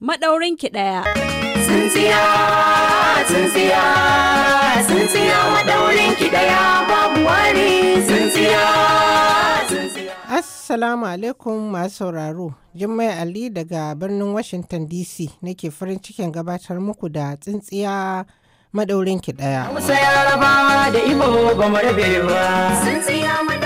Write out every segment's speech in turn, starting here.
maɗaurin ki daya. Tsintsiya, tsintsiya, tsintsiya maɗaurin ki daya babu wani tsintsiya, tsintsiya. Assalamu alaikum masu sauraro, Jummai Ali daga birnin Washington DC nake farin cikin gabatar muku da tsintsiya maɗaurin ki daya. Musa yarabawa da ibo ba mu rabe ba. Tsintsiya maɗaurin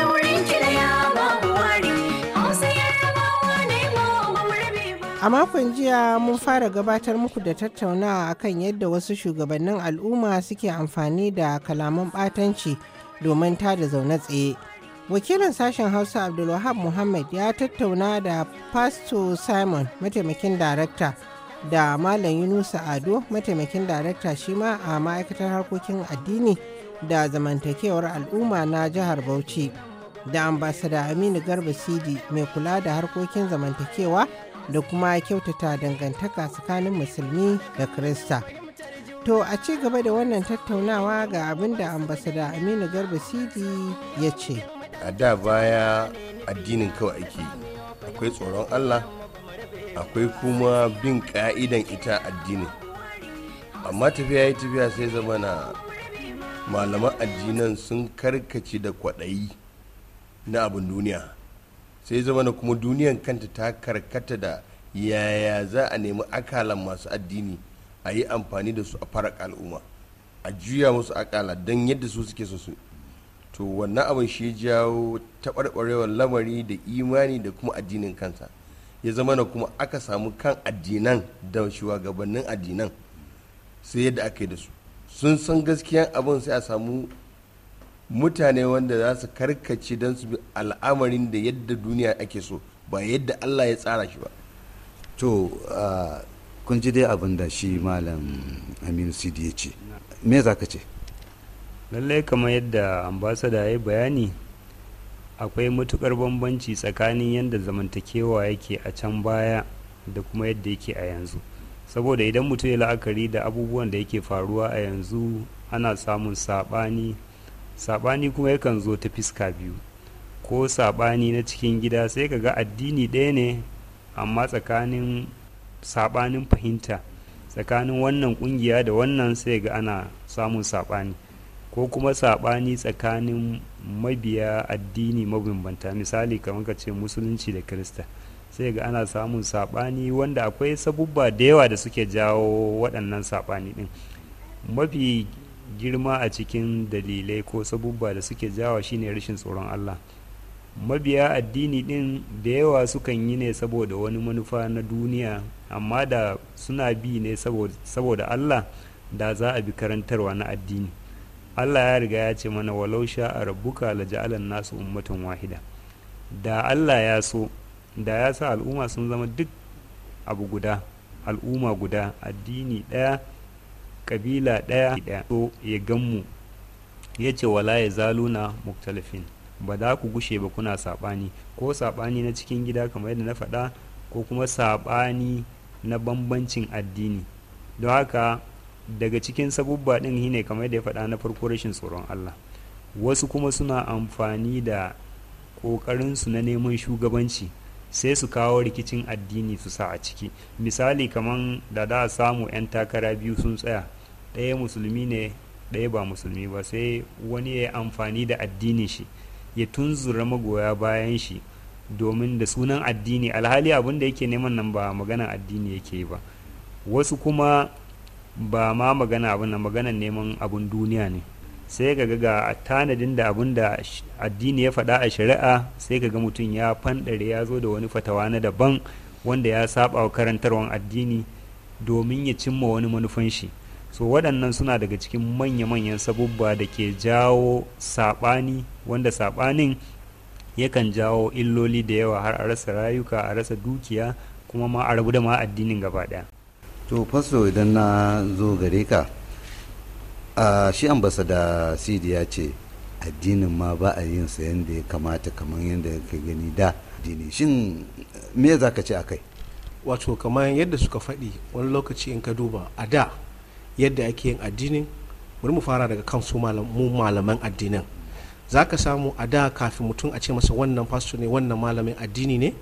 A makon jiya mun fara gabatar muku da tattaunawa akan yadda wasu shugabannin al'umma suke amfani da kalaman ɓatanci domin tada zaune tsaye. Wakilin sashen Hausa Abdulwahab Muhammad ya tattauna da Pastor Simon mataimakin darakta da Malam Yunusa Ado mataimakin darakta shi ma a ma'aikatar harkokin addini da zamantakewar al'umma na jihar Bauchi da ambasada Aminu Garba Sidi mai kula da harkokin zamantakewa da kuma kyautata dangantaka tsakanin musulmi da krista to a ci gaba da wannan tattaunawa ga abin da ambasada aminu garba sidi ya ce a da baya addinin kawai ake akwai tsoron allah akwai kuma bin ka'idan ita addini amma tafiya ya tafiya sai zama na malaman addinan sun karkace da kwaɗayi na abin duniya sai zama na kuma duniyan kanta ta karkata da yaya za a nemi akalan masu addini a yi amfani da su a fara al'umma a juya musu akala don yadda su suke so su to wannan abin shi jawo taɓarɓarewar lamari da imani da kuma addinin kansa ya zama na kuma aka samu kan addinan da shugabannin addinan sai yadda aka yi da su sun san gaskiyan abin sai a samu mutane wanda za su karkace don su bi al'amarin da yadda duniya ake so ba yadda allah ya tsara shi ba to kun ji dai abin da shi malam aminu sidi ya ce me za ka ce lallai kamar yadda ambasada ya bayani akwai matukar bambanci tsakanin yadda zamantakewa yake a can baya da kuma yadda yake a yanzu saboda idan mutum ya la'akari da abubuwan da yake faruwa a yanzu ana samun saɓani saɓani kuma yakan zo ta fiska biyu ko saɓani na cikin gida sai ka ga addini ɗaya ne amma tsakanin saɓanin fahimta tsakanin wannan ƙungiya da wannan sai ga ana samun saɓani ko kuma saɓani tsakanin mabiya addini mabambanta misali kamar ka ce musulunci da kirista sai ga ana samun saɓani wanda akwai sabubba da yawa da suke jawo waɗannan saɓani ɗin mafi girma a cikin dalilai ko sabubba da suke jawa shine rashin tsoron Allah mabiya addini din da yawa sukan yi ne saboda wani manufa na duniya amma da suna bi ne saboda Allah da za a bi karantarwa na addini Allah ya riga ya ce mana walau sha a rabbuka la ja'alan nasu ummatan wahida da Allah ya so da ya sa al'umma sun zama duk abu guda al'umma guda addini daya. kabila ɗaya ɗaya ya ganmu ya ce wala ya zaluna muktalifin ba za ku gushe ba kuna saɓani ko saɓani na cikin gida kamar yadda na faɗa ko kuma saɓani na bambancin addini don haka daga cikin sabubba ɗin ne kamar yadda ya faɗa na farko rashin tsoron Allah wasu kuma suna amfani da ƙoƙarinsu na neman shugabanci sai su kawo rikicin addini su sa a ciki misali kamar da da samu 'yan takara biyu sun tsaya ɗaya musulmi ne ɗaya ba musulmi ba sai wani ya yi amfani da addinin shi ya tunzura magoya bayan shi domin da sunan addini alhali abin da yake neman nan ba maganan addini yake ba wasu kuma ba ma magana abin nan maganan neman abin duniya ne sai ga ga tanadin da abin da addini ya faɗa a shari'a sai ga mutum ya fanɗare ya zo da wani fatawa na daban wanda ya saba wa karantarwan addini domin ya cimma wani manufan shi so waɗannan suna daga cikin manya-manyan sabubba da ke jawo saɓani wanda saɓanin yakan jawo illoli da yawa har a rasa rayuka a rasa dukiya kuma ma a rabu da ma addinin gaba ɗaya to fasto idan na zo gare ka a shi ambasada sidi ya ce addinin ma ba a yin sa yadda ya kamata kamar yadda ka gani da addini shin me za ka ce a kai wato kamar yadda suka faɗi wani lokaci in ka duba a da yadda ake yin addinin bari mu fara daga kan su mu malaman addinin za ka samu a da kafin mutum a ce masa wannan fasto ne wannan malamin addini ne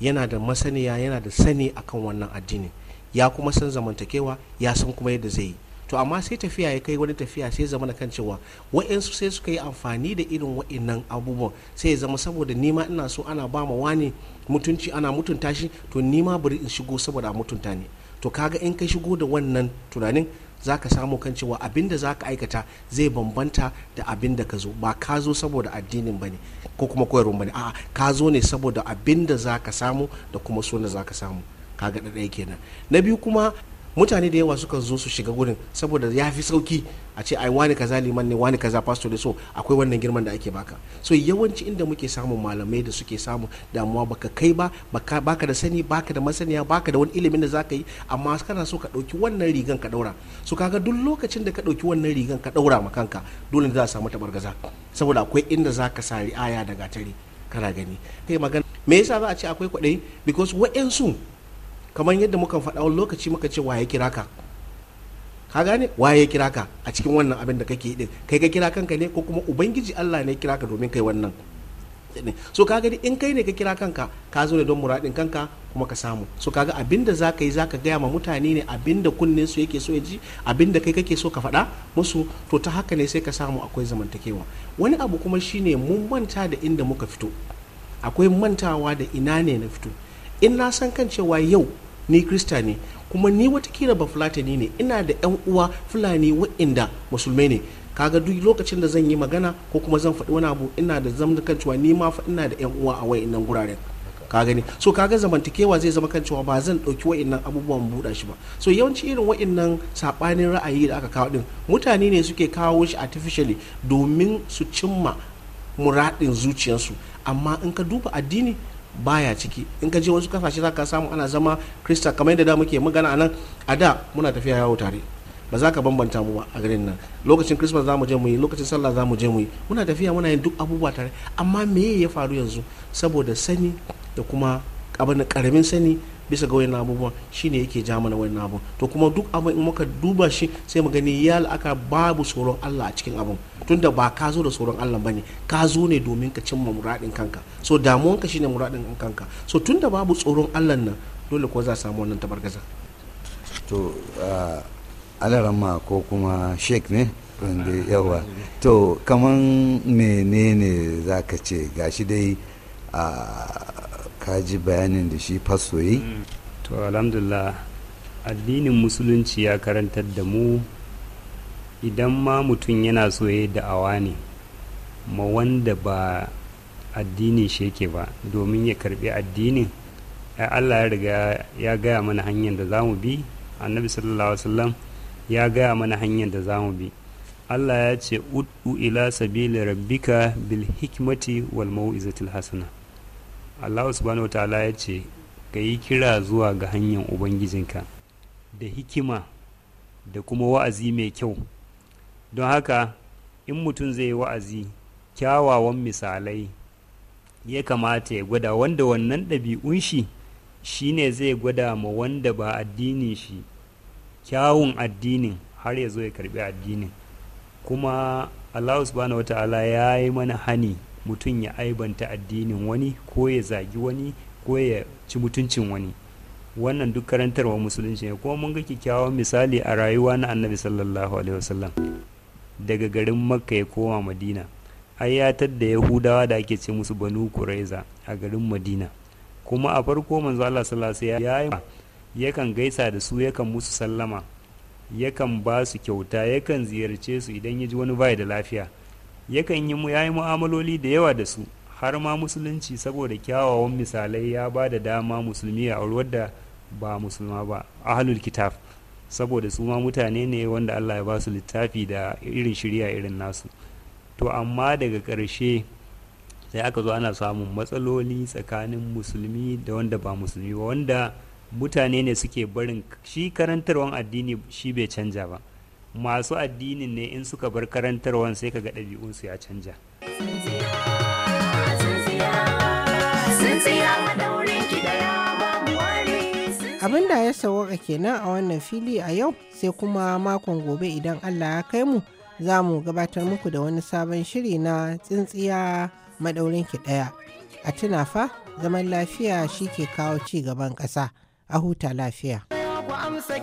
yana da masaniya yana da sani akan wannan addini ya kuma san zamantakewa ya san kuma yadda zai yi to amma sai tafiya ya kai wani tafiya sai zama na kan cewa wa'yansu sai suka yi amfani da irin wa'innan abubuwan sai ya zama saboda nima ina so ana ba ma wani mutunci ana mutunta shi to nima bari in shigo saboda mutunta ne to kaga in ka shigo da wannan tunanin za ka samu kan cewa abin da za ka aikata zai bambanta da abin da ka zo ba ka zo saboda addinin ba ne ko kuma koyarwa ba ne a'a ka zo ne saboda abin da za ka samu da kuma so da za ka samu ka ga ɗaya kenan na biyu kuma mutane da yawa suka zo su shiga gurin saboda ya fi sauki a ce ai wani kaza liman ne wani kaza pastor da so akwai wannan girman da ake baka so yawanci inda muke samun malamai da suke samu damuwa baka kai ba baka da sani baka da masaniya baka da wani ilimin da zaka yi amma kana so ka dauki wannan rigan ka daura so kaga duk lokacin da ka dauki wannan rigan ka daura ma kanka dole za a samu tabargaza saboda akwai inda zaka sari aya daga tare kana gani kai magana me yasa za a ce akwai kwaɗayi because waɗansu kamar yadda muka faɗa wani lokaci muka ce waye kira ka ka gane waye kira ka a cikin wannan abin da kake din kai ka kira kanka ne ko kuma ubangiji Allah ne kira ka domin kai wannan so ka gani in kai ne ka kira kanka ka zo ne don muradin kanka kuma ka samu so ka ga abin da ka yi za ka gaya ma mutane ne abin da kunnen su yake so ya ji abin da kai kake so ka faɗa musu to ta haka ne sai ka samu akwai zamantakewa wani abu kuma shine mun manta da inda muka fito akwai mantawa da ina ne na fito in na san kan cewa yau ni krista ne kuma ni watakila ba fulatani ne ina da yan uwa fulani wa'inda musulmai ne kaga duk lokacin da zan yi magana ko kuma zan faɗi wani abu ina da zan kan cewa ni ma ina da yan uwa a wa'innan guraren ka gani so kaga zamantakewa zai zama kan cewa ba zan ɗauki wa'innan abubuwan buɗa shi ba so yawanci irin wa'innan saɓanin ra'ayi da aka kawo ɗin mutane ne suke kawo shi artificially domin su cimma muradin zuciyarsu amma in ka duba addini baya ciki in ka je wasu kasashe za ka samu ana zama krista kamar yadda da muke magana a nan a da muna tafiya yawo tare ba za ka bambanta mu ba a garin nan lokacin christmas za mu je mu yi lokacin sallah za mu je mu yi muna tafiya muna yin duk abubuwa tare amma me ya faru yanzu saboda sani da kuma abin karamin sani bisa ga abubuwa abubuwan shine yake ja mana wannan to kuma duk abu in muka duba shi sai mu gani ya aka babu tsoron Allah a cikin abun tunda ba ka zo da tsoron Allah bane ka zo ne domin ka cimma muradin kanka so damuwanka shine muradin kanka so tunda babu tsoron Allah nan dole ko za samu wannan tabargaza to alarama ko kuma sheik ne wanda yawa to kaman menene za ka ce gashi dai a ka ji bayanin da shi faso yi mm. to alhamdulillah addinin musulunci ya karantar da mu idan ma mutum yana soye da awa ne ma wanda ba addinin shi yake ba domin ya karbi addinin Allah ya riga ya gaya mana hanyar da za mu bi annabi sallallahu alaihi wasallam ya gaya mana hanyar da za mu bi Allah ya ce ud'u ila sabili rabbika bil hikmati wal mau'izatil hasana Allah subhanahu ta'ala ya ce ka yi kira zuwa ga hanyar ubangijinka da hikima da kuma wa'azi mai kyau don haka in mutum zai yi wa'azi kyawawan misalai ya kamata ya gwada wanda wannan ɗabi'un shi shine zai gwada ma wanda ba addinin shi kyawun addinin har ya zo ya karbi addinin kuma allah subhanahu wa ta'ala ya yi mana hani mutum ya aibanta addinin wani ko ya zagi wani ko ya ci mutuncin wani wannan duk karantarwa musulunci ne kuma mun ga kyakkyawan misali a rayuwa na annabi sallallahu alaihi wasallam daga garin makka ya koma madina ya da yahudawa da ake ce musu banu kuraiza a garin madina kuma a farko manzo Allah sallallahu alaihi wasallam yakan gaisa da su yakan musu sallama yakan ba su kyauta yakan ziyarce su idan ya ji wani bai da lafiya yakan yi mu yayi mu'amaloli da yawa da su har ma musulunci saboda kyawawan misalai ya ba da dama musulmi a auri wadda ba musulma ba ahalul kitaf saboda su ma mutane ne wanda allah ya ba su littafi da irin shirya irin nasu to amma daga karshe sai aka zo ana samun matsaloli tsakanin musulmi da wanda ba musulmi ba wanda mutane ne suke barin shi karantarwan addini shi bai canja ba masu addinin ne in suka bar karantarwan sai kaga ɗabi'unsu ya canja abin da ya sawaka kenan a wannan fili a yau sai kuma makon gobe idan allah ya kai mu za mu gabatar muku da wani sabon shiri na tsintsiya ki kiɗaya. a tuna fa zaman lafiya shi ke kawo ci gaban ƙasa a huta lafiya. amsa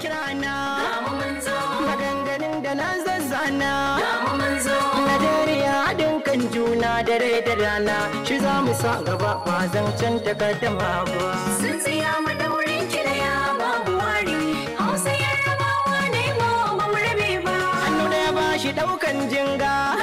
ana na dare haɗin kan juna dare da rana shi za mu sa gaba ba zancen takaddama ba sun tsaya mu daurin kiraya babu wari hausa rabawa ne mu ba mu rabe ba hannu ɗaya ba shi ɗaukan jinga